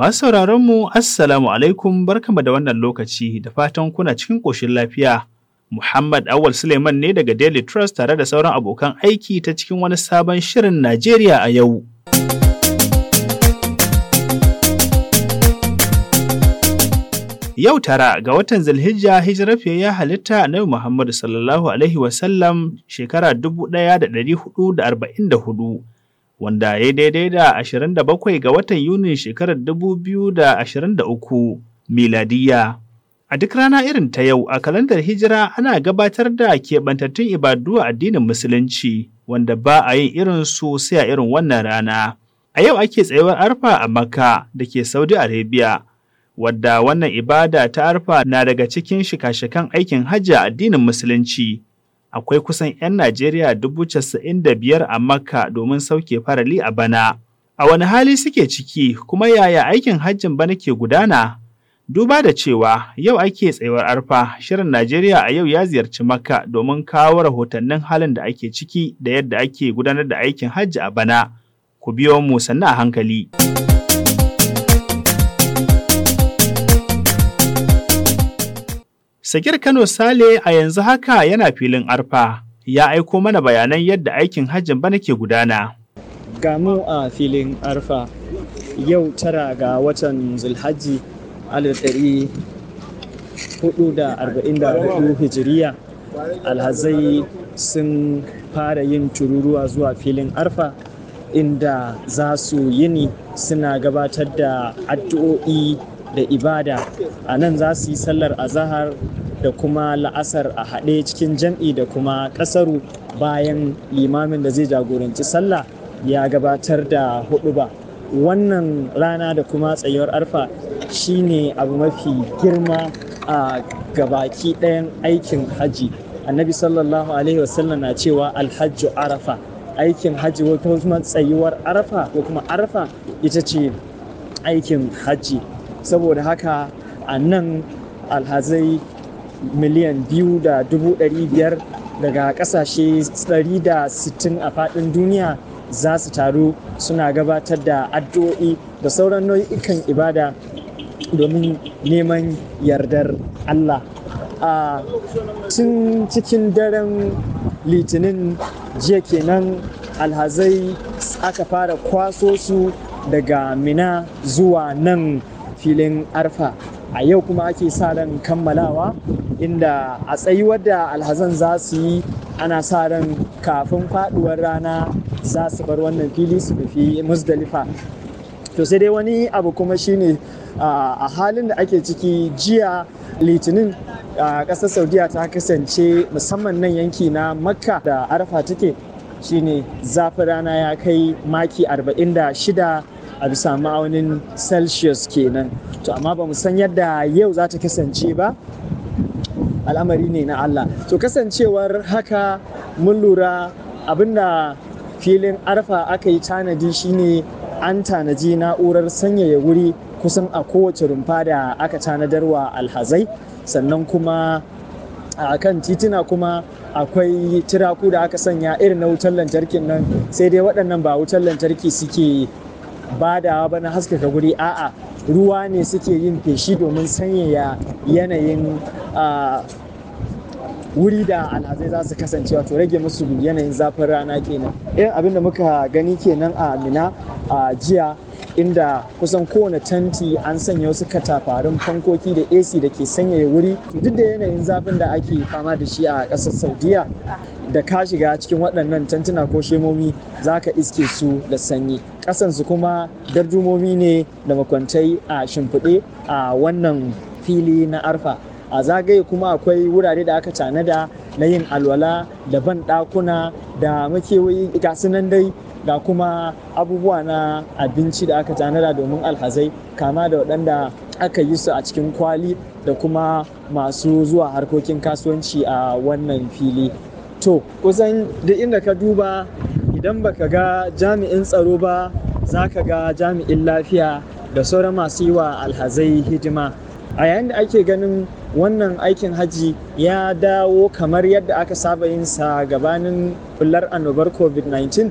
Masu sauraronmu mu Assalamu alaikum barkama da wannan lokaci da fatan kuna cikin ƙoshin lafiya. Muhammad Awal Suleiman ne daga Daily Trust tare da sauran abokan aiki ta cikin wani sabon shirin Najeriya a yau. Yau tara ga watan Zulhijja hijirar ya halitta nabi Muhammadu sallallahu alaihi wasallam shekara 1444 wanda ya daidai da 27 ga watan Yunin shekarar 2023 miladiya. A duk rana irin ta yau a kalandar hijira ana gabatar da keɓantattun ibadu a addinin Musulunci wanda ba a yin irin su sai a irin wannan rana. A yau ake tsayuwar arfa a Makka da ke Saudi Arabia. wadda wannan ibada ta arfa na daga cikin shika-shikan aikin hajji a addinin musulunci akwai kusan 'yan Najeriya dubu casa'in da biyar a Makka domin sauke farali a bana. A wani hali suke ciki kuma yaya aikin hajjin bana ke gudana? Duba da cewa yau ake tsayuwar arfa, shirin Najeriya a yau ya ziyarci Makka domin kawo rahotannin halin da ake ciki da yadda ake gudanar da aikin hajji a bana. Ku biyo mu sannu a hankali. Sakir Kano Sale a yanzu haka yana filin arfa ya aiko mana bayanan yadda aikin hajjin bana ke gudana. Gamu a filin arfa yau tara ga watan Zulhaji 444 Hijiriya alhazai sun fara yin tururuwa zuwa filin arfa inda za su yini suna gabatar da addu'o'i da ibada a nan za su yi sallar azahar da kuma la'asar a haɗe cikin jam'i da kuma ƙasaru bayan limamin da zai jagoranci sallah ya gabatar da hudu ba wannan rana da kuma tsayuwar arfa shine abu mafi girma a gabaki ɗayan aikin haji annabi sallallahu alaihi wasallam na cewa alhajju arafa aikin haji ko kuma tsayuwar arafa ko kuma arafa ita ce aikin haji saboda haka a nan alhazai miliyan biyu da dubu biyar daga kasashe 160 a faɗin duniya za su taru suna gabatar da addu'o'i da sauran nau'ikan ibada domin neman yardar Allah. A tun cikin daren litinin jiya kenan alhazai aka fara kwaso su daga mina zuwa nan filin arfa a yau kuma ake sa ran kammalawa inda a tsayuwar da alhazan za su yi ana sa ran kafin faduwar rana za su bar wannan fili su nufi musdalifa to sai dai wani abu kuma shine a halin da ake ciki jiya litinin a ƙasar saudiya ta kasance musamman nan yanki na makka da arfa take shine zafin rana ya kai maki 46 a bisa ma'aunin celsius kenan to amma ba san yadda yau za ta kasance ba al'amari ne na Allah to kasancewar haka mun lura abinda filin arfa aka yi tanadi shine an tanaji na'urar sanyaya wuri kusan a kowace rumfa da aka tanadarwa alhazai sannan kuma a kan titina kuma akwai tiraku da aka sanya irin na wutar lantarkin nan sai dai waɗannan ba wutar lantarki suke badawa ba na haskaka guri a'a ruwa ne suke yin feshi domin sanyaya yanayin wuri da alhazai za su kasance wato rage musu yanayin zafin rana kenan irin abin da muka gani kenan a mina a jiya inda kusan kowane tanti an sanya wasu katafarin fankoki da ac da ke sanyaya wuri duk da yanayin zafin da ake fama da shi a ƙasar saudiya da ka shiga cikin waɗannan tantuna ko shemomi za ka iske su da sanyi ƙasansu kuma darjumomi ne da makwantai a shimfiɗe a wannan fili na arfa a zagaye kuma akwai wurare da aka tanada na yin alwala da ban ɗakuna da makewayi ga nan dai ga kuma abubuwa na abinci da aka tanada domin alhazai kama da waɗanda aka yi su a cikin kwali da kuma masu zuwa harkokin kasuwanci a wannan fili to kusan duk inda ka duba idan baka ga jami'in tsaro ba za ka ga jami'in lafiya da sauran masu yi wa alhazai hidima a yayin da ake ganin wannan aikin hajji ya dawo kamar yadda aka saba yin sa gabanin bular annobar covid-19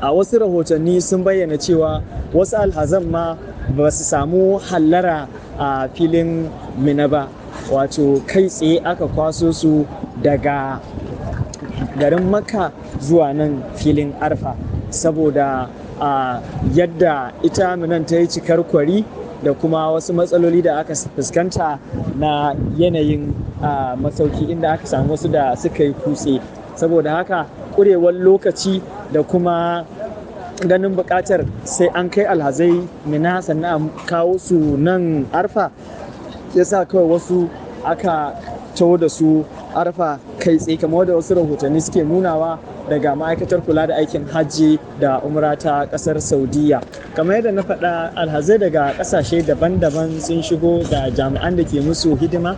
a wasu rahotanni sun bayyana cewa wasu alhazan ma ba su samu hallara a filin mina ba wato kai tsaye aka kwaso su daga garin maka zuwa nan filin arfa saboda a yadda ita minan ta yi cikar kwari da kuma wasu matsaloli da aka fuskanta na yanayin masauki inda aka samu wasu da suka yi kutse saboda haka kurewar lokaci da kuma ganin bukatar sai an kai alhazai mina sannan a kawo su nan arfa ya sa kawai wasu aka tawo da su arfa kai tsaye kamar da wasu rahotanni suke nunawa daga ma'aikatar kula da aikin hajji da umra ta kasar saudiya kamar yadda na faɗa alhazai daga ƙasashe daban-daban sun shigo da jami'an da ke musu hidima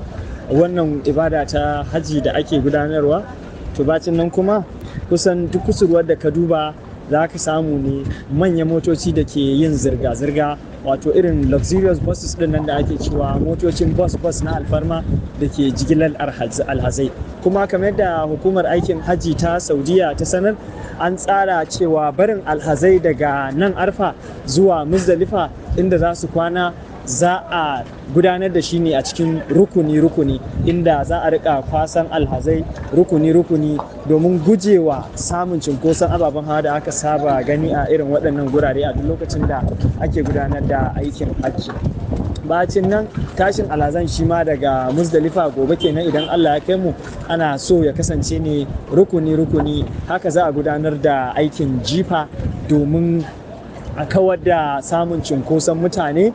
wannan ibada ta hajji da ake gudanarwa to bacin nan kuma kusan duk kusurwar da ka duba za ka samu ne manyan motoci da ke yin zirga-zirga wato irin luxurious buses din nan da ake cewa motocin bus bus na alfarma da ke jigilar alhazai kuma kamar da hukumar aikin hajji ta saudiya ta sanar an tsara cewa barin alhazai daga nan arfa zuwa muzdalifa inda za su kwana za a gudanar da shi ne a cikin rukuni-rukuni inda za a rika kwasan alhazai rukuni-rukuni domin gujewa samun cinkoson ababen hawa da aka saba gani a irin waɗannan gurare a duk lokacin da ake gudanar da aikin hajji bacin nan tashin alhazan shi ma daga musdalifa gobe kenan idan allah ya kai mu ana so ya kasance ne rukuni-rukuni haka za a gudanar da aikin jifa domin a kawar da samun cunkoson mutane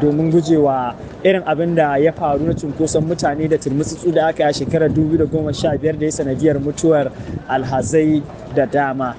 domin gujewa irin abin da ya faru na cunkoson mutane da turmutsutsu da aka yi a shekarar 2015 da ya sanadiyar mutuwar alhazai da dama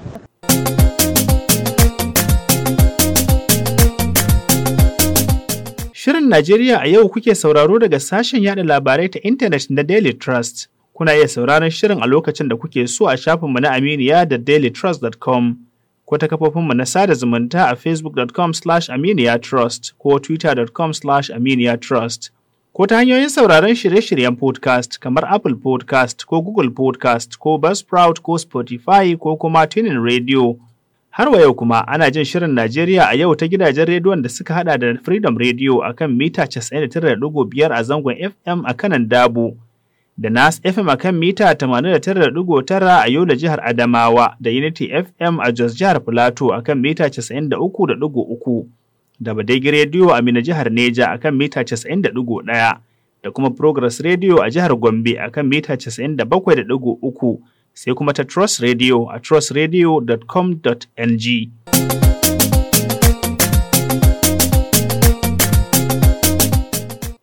Shirin Najeriya a yau kuke sauraro daga sashen yada labarai ta intanet na Daily Trust. Kuna iya sauraron shirin a lokacin da kuke so a shafinmu na Aminiya da dailytrust.com. ko ta kafofinmu na sada zumunta a facebook.com slash aminiyatrust ko twitter.com slash aminiyatrust ko ta hanyoyin sauraron shirye-shiryen podcast kamar Apple podcast ko Google podcast ko Buzzsprout ko Spotify ko kuma Tunin Radio. Har wa yau kuma ana jin shirin Najeriya a yau ta gidajen rediyon da suka hada da Freedom Radio a kan mita 99.5 a zangon FM a kanan Dabo. da Nas FM a kan mita 89.9 a Yola jihar Adamawa da Unity FM a Jos jihar Filato a kan mita 93.3 da Badegi Radio a Mina jihar Neja a kan mita 90.1 da kuma Progress Radio a jihar Gombe a kan mita 97.3 sai kuma ta Trust Radio a trustradio.com.ng.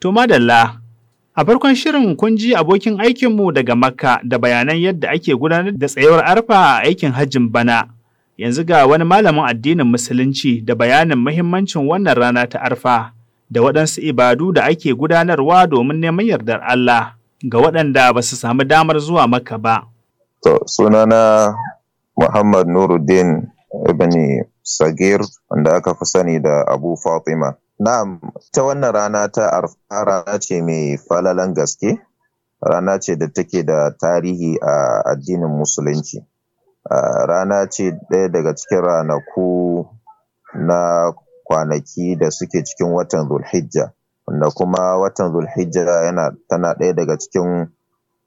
To madalla A farkon shirin kun ji abokin aikinmu daga Makka da bayanan yadda ake gudanar da tsayuwar arfa a aikin hajjin bana. Yanzu ga wani malamin addinin Musulunci da bayanin muhimmancin wannan rana ta arfa da waɗansu ibadu da ake gudanarwa domin neman yardar Allah ga waɗanda ba su samu damar zuwa Makka ba. To, sunana Muhammad Nuruddin Ibn Sagir wanda aka fi sani da Abu Fatima. Na'am, ta wannan rana ta arfa rana ce mai falalan gaske, rana ce da take da tarihi a addinin musulunci. Rana ce ɗaya daga cikin ranaku na kwanaki da suke cikin watan Zulhijja, wanda kuma watan Zulhijja yana tana ɗaya daga cikin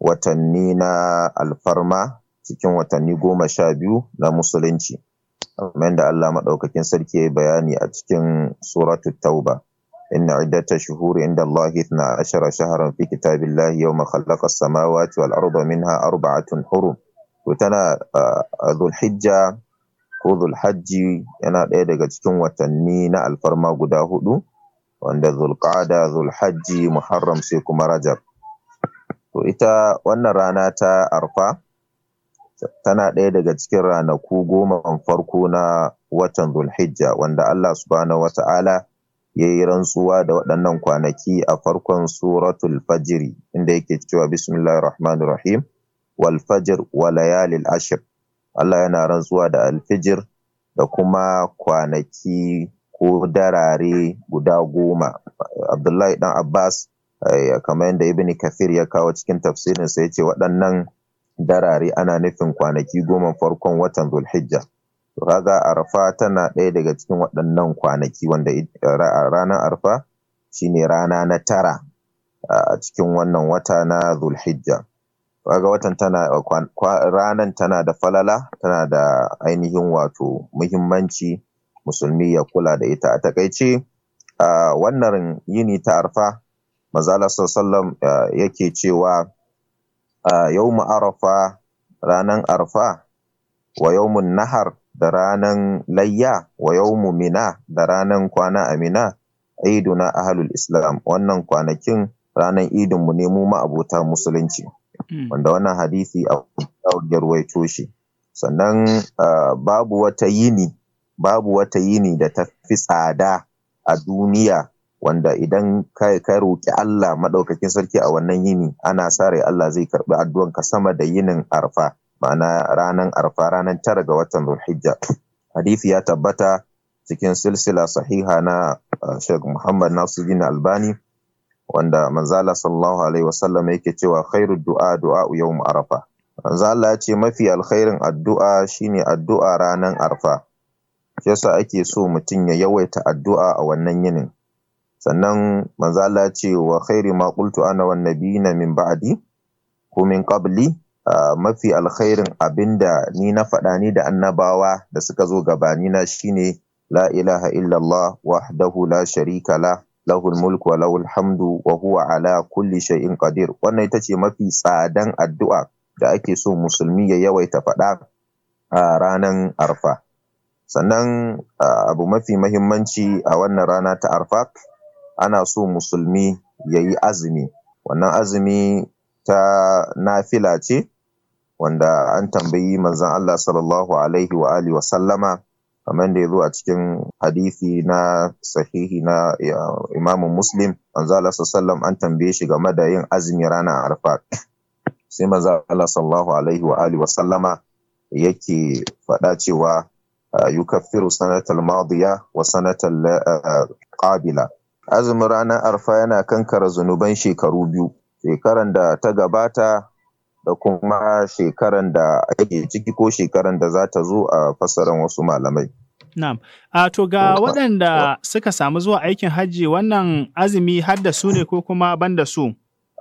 watanni na alfarma cikin watanni goma sha biyu na musulunci. kamar yadda Allah maɗaukakin sarki ya yi bayani a cikin suratul tauba inna iddata shuhuri inda Allah na ashara shaharan fi kitabillahi yawma khalaqa as-samawati wal arda minha arba'atun hurum to tana zulhijja ko zulhajji yana ɗaya daga cikin watanni na alfarma guda hudu wanda zul-hajji muharram sai kuma rajab to ita wannan rana ta arfa tana ɗaya daga cikin ranaku goma farko na watan Zulhijja wanda Allah subhanahu wata'ala ya yi rantsuwa da waɗannan kwanaki a farkon suratul fajiri inda yake cewa bismillahir rahmanir rahim wal fajr wa layalil ashr Allah yana rantsuwa da alfijir da kuma kwanaki ko darare guda goma Abdullahi dan Abbas eh, kamar yadda Ibn Kathir ya kawo cikin tafsirinsa ya ce waɗannan darare ana nufin kwanaki goma farkon watan zulhijja to kaga arfa tana ɗaya daga cikin waɗannan kwanaki wanda ranar arfa shine rana na tara a cikin wannan wata na zulhijja kaga watan tana ranan tana da falala tana da ainihin wato muhimmanci musulmi ya kula da ita a takaice wannan yini ta arfa manzo Allah yake cewa yawmu arafa ranan arfa wa yawmun nahar da ranan layya wa yawmu mina da ranan kwana a mina iduna ahlul islam wannan kwanakin ranan idin mu ne mu ma musulunci hmm. wanda wannan hadisi a ruwaito shi sannan babu wata yini babu wata yini da ta fi tsada a duniya wanda idan ka roƙi Allah maɗaukakin sarki a wannan yini ana sa rai Allah zai karɓi addu'anka sama da yinin arfa ma'ana ranar arfa ranar tara ga watan Zulhijja hadisi ya tabbata cikin silsila sahiha na uh, Sheikh Muhammad Nasiruddin Albani wanda manzala sallallahu alaihi wasallam yake cewa khairu du'a du'a yawm Allah manzala ce mafi alkhairin addu'a shine addu'a ranan arfa yasa ake so mutum ya yawaita addu'a a wannan yinin sannan manzo ce wa khairi ma qultu ana wan nabiyina min ba'di ko min qabli mafi alkhairin abinda ni na faɗa ni da annabawa da suka zo gabani na shine la ilaha illallah wahdahu la sharika la lahul mulku wa lahul hamdu wa huwa ala kulli shay'in qadir wannan ita ce mafi tsadan addu'a da ake so musulmi ya yawaita faɗa a ranar arfa sannan abu mafi mahimmanci a wannan rana ta arfa ana so musulmi ya yi azumi wannan azumi ta nafila ce wanda an tambayi manzan Allah sallallahu alaihi wa alihi wa sallama kamar da ya zo a cikin hadithi na sahihi na imamu muslim manzo Allah sallallahu an tambaye shi game da yin azumi ranar arfa sai manzan Allah sallallahu alaihi wa alihi wa sallama yake faɗa cewa yukaffiru sanatal madiya wa sanatal eh, qabila Azumin ranar arfa yana kankara zunuban shekaru biyu, shekaran da ta gabata da kuma shekaran da ake ciki ko shekaran da za ta zo a fassaran wasu malamai. Na'am. A to ga waɗanda suka samu zuwa aikin hajji wannan azumi har da su ne ko kuma ban da su?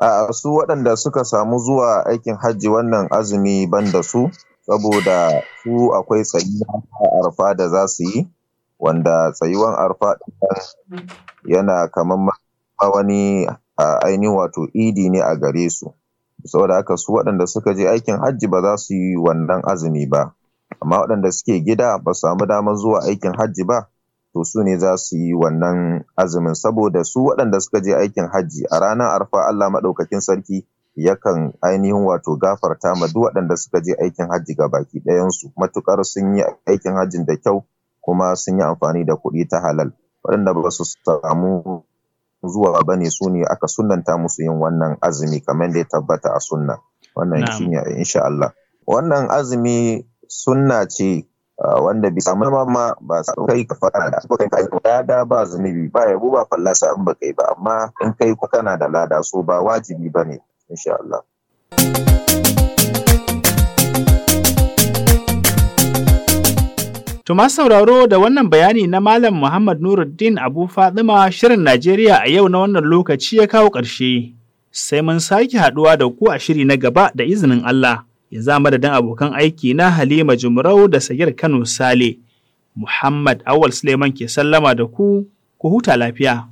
A su waɗanda suka samu zuwa aikin hajji wannan azumi ban da su, saboda su akwai tsayi a arfa da za su yi. wanda tsayuwan arfa yana kamar wani a ainihin wato idi ne a gare su saboda haka su waɗanda suka je aikin hajji ba za su yi wannan azumi ba amma waɗanda suke gida ba su samu damar zuwa aikin hajji ba to su ne za su yi wannan azumin saboda su waɗanda suka je aikin hajji a ranar arfa Allah maɗaukakin sarki yakan ainihin wato gafarta ma duk waɗanda suka je aikin hajji ga baki ɗayansu Matuƙar sun yi aikin hajjin da kyau kuma sun yi amfani da kuɗi ta halal waɗanda ba su samu zuwa ba ne su ne aka sunanta musu yin wannan azumi kamar da ya tabbata a sunna wannan shi ne insha Allah wannan azumi sunna ce wanda bisa mamma ba su kai ka fara da kai lada ba zunubi ba yabo ba fallasa in ba kai ba amma in kai ku kana da lada so ba wajibi ba bane insha Allah To masu sauraro da wannan bayani na Malam Muhammad Nuruddin Abu fadima Shirin Najeriya a yau na wannan lokaci ya kawo ƙarshe. Sai mun sake haɗuwa da ku a shiri na gaba da izinin Allah. Ya za madadin abokan aiki na Halima Jumrau da Sagir Kano Sale. Muhammad Awal Suleiman ke sallama da ku, ku huta lafiya.